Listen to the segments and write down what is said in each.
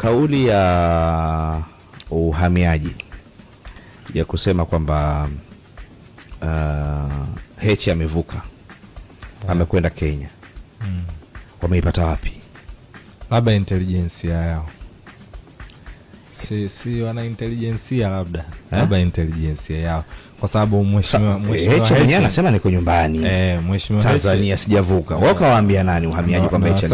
kauli ya uhamiaji ya kusema kwamba uh, hechi amevuka amekwenda Kenya mm. Wameipata wapi? Labda intelijensia yao, si, si wana intelijensia labda eh? Labda intelijensia yao kwa sababu mheshimiwa eh, mwenyewe anasema niko nyumbani eh, mheshimiwa Tanzania sijavuka. Wao kawaambia nani uhamiaji kwamba hechi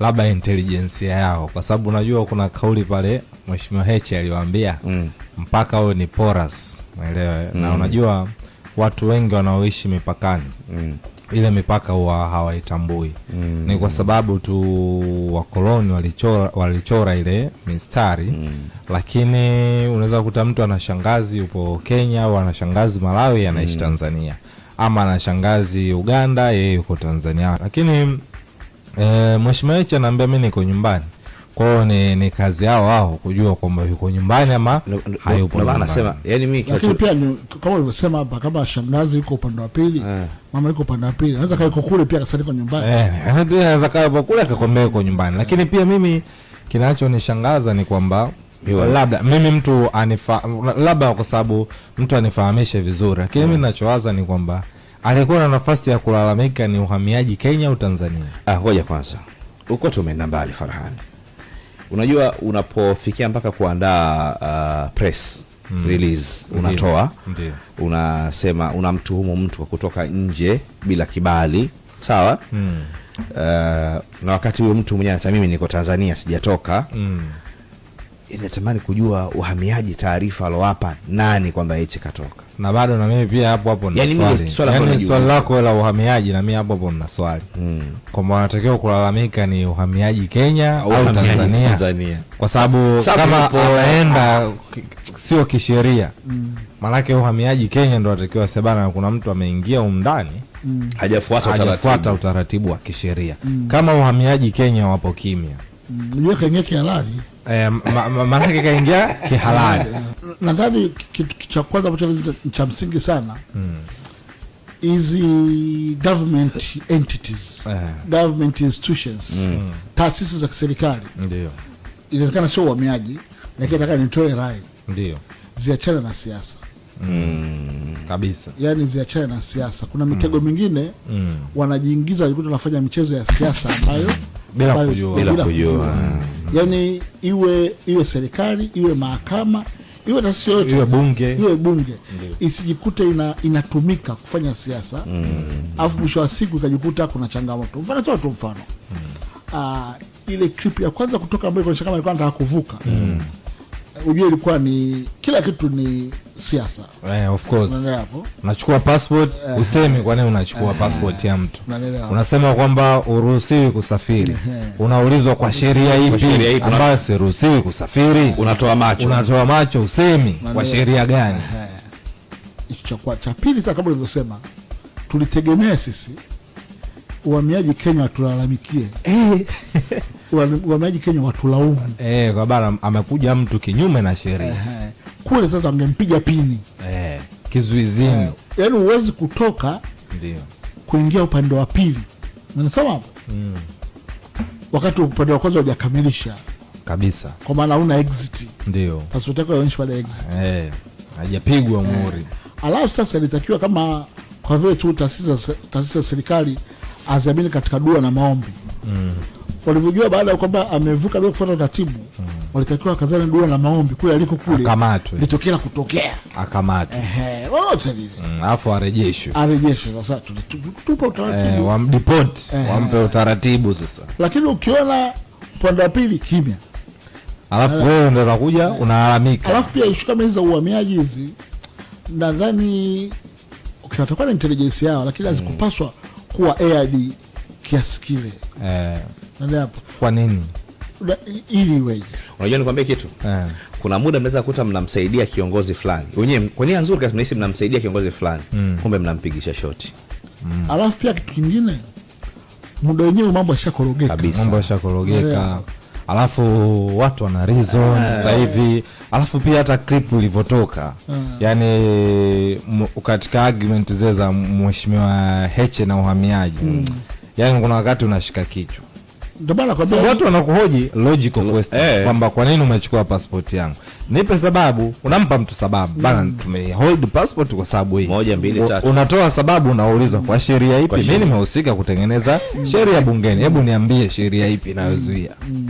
labda intelijensia yao, kwa sababu unajua kuna kauli pale Mheshimiwa Heche aliwaambia mm. mpaka huyo ni porous umeelewa mm. na unajua watu wengi wanaoishi mipakani mm. ile mipaka huwa hawaitambui mm. ni kwa sababu tu wakoloni walichora, walichora ile mistari mm. lakini unaweza kukuta mtu ana shangazi yupo Kenya au ana shangazi Malawi anaishi mm. Tanzania ama anashangazi shangazi Uganda yeye yuko Tanzania lakini e, mheshimiwa Heche anaambia mi niko nyumbani kwao ni, ni kazi yao wao kujua kwamba yuko nyumbani ama hayupo nyumbani. Anasema yani mimi lakini pia ni, kama ulivyosema hapa, kama shangazi yuko upande wa pili eh, mama yuko upande wa pili, anaweza kaa kule pia akasema nyumbani eh, anaweza kaa kule akakwambia yuko nyumbani, lakini pia mimi kinachonishangaza ni kwamba labda mimi mtu anifa, labda kwa sababu mtu anifahamishe vizuri, lakini mimi mm. ninachowaza ni kwamba alikuwa na nafasi ya kulalamika ni uhamiaji Kenya au Tanzania? Ah, ngoja kwanza, uko umeenda mbali Farhani. Unajua, unapofikia mpaka kuandaa uh, press mm. release unatoa unasema unamtuhumu mtu kwa kutoka nje bila kibali sawa mm. uh, na wakati huyo mtu mwenyewe anasema mimi niko Tanzania sijatoka mm inatamani kujua uhamiaji taarifa alowapa nani kwamba hichi katoka, na bado na mimi pia hapo hapo nina swali yani, swali lako la uhamiaji, na mimi hapo hapo nina swali mm, kwamba wanatakiwa kulalamika ni uhamiaji Kenya au Tanzania. Tanzania, kwa sababu kama anaenda sio kisheria mm, maanake uhamiaji Kenya ndo anatakiwa sebana, kuna mtu ameingia umndani mm, hajafuata utaratibu wa kisheria mm, kama uhamiaji Kenya wapo kimya mjue kaingia kihalali eh, maanake kaingia kihalali. Nadhani kitu cha kwanza ambacho ni cha msingi sana hizi mm. government entities eh. government institutions mm. taasisi za kiserikali ndio inawezekana sio uhamiaji, lakini hmm. nataka nitoe rai ndio ziachane na siasa Mm, kabisa, yaani ziachane na siasa. Kuna mitego mm. mingine mm. wanajiingiza, wanafanya michezo ya siasa ambayo hmm bila kujua, bila kujua. Yani iwe iwe serikali iwe mahakama iwe taasisi yoyote iwe bunge, iwe bunge. Isijikute ina, inatumika kufanya siasa mm. afu mwisho wa siku ikajikuta kuna changamoto. Mfano toa tu mfano mm. Uh, ile clip ya kwanza kutoka ambayo ilikuwa kama ilikuwa nataka kuvuka mm. Ujue ilikuwa ni kila kitu ni siasa eh, of course hapo unachukua passport eh, usemi kwa nini unachukua eh, passport ya mtu unasema kwamba uruhusiwi kusafiri eh. unaulizwa kwa sheria ipi ambayo siruhusiwi kusafiri unatoa macho unatoa macho usemi kwa sheria gani hicho eh. cha cha pili sasa kama ulivyosema tulitegemea sisi uhamiaji Kenya watulalamikie eh. uhamiaji Kenya watulaumu eh, kwa bara amekuja mtu kinyume na sheria eh, eh kule sasa wangempiga pini eh, kizuizini. Eh, yani uwezi kutoka Ndiyo. kuingia upande wa pili, unasema mm. Wakati upande wa kwanza hujakamilisha kabisa, kwa maana una exit, ndio pasipoti yako yaonyesha pale exit eh, hajapigwa eh. muri eh. Alafu sasa ilitakiwa kama kwa vile tu taasisi za serikali aziamini katika dua na maombi mm. Walivyojua baada ya kwamba amevuka bila kufuata taratibu mm walitakiwa wakazana dua la maombi kule aliko kule, akamatwe litokea na kutokea, akamatwe ehe, lolote lile mm, afu arejeshwe, arejeshwe. Sasa tupa utaratibu eh, wamdeport wampe utaratibu sasa, lakini ukiona upande wa pili kimya, alafu wewe ndio unakuja unalalamika, alafu pia ishu kama hizi za uhamiaji hizi nadhani okay, watakuwa na intelligence yao, lakini hazikupaswa mm, kuwa aired kiasi kile eh. Kwa nini ili iweje? Unajua nikwambie kitu yeah. Kuna muda mnaweza kuta mnamsaidia kiongozi fulani wenyewe kwa nia nzuri, kasi mnahisi mnamsaidia kiongozi fulani mm. Kumbe mnampigisha shoti mm. Alafu pia kitu kingine, muda wenyewe mambo yashakorogeka kabisa, mambo yashakorogeka Alafu watu wana reason eh. sasa hivi, alafu pia hata clip ilivyotoka, eh. yani katika argument zile za mheshimiwa Heche na uhamiaji mm. Yani kuna wakati unashika kichwa ndio watu wanakuhoji logical question eh, kwamba kwa nini umechukua passport yangu, nipe sababu. Unampa mtu sababu bana, tumehold mm. tume passport kwa sababu hii moja, mbili, tatu. Unatoa sababu, unaulizwa kwa sheria ipi? Mimi nimehusika kutengeneza sheria bungeni, hebu niambie sheria ipi inayozuia mm.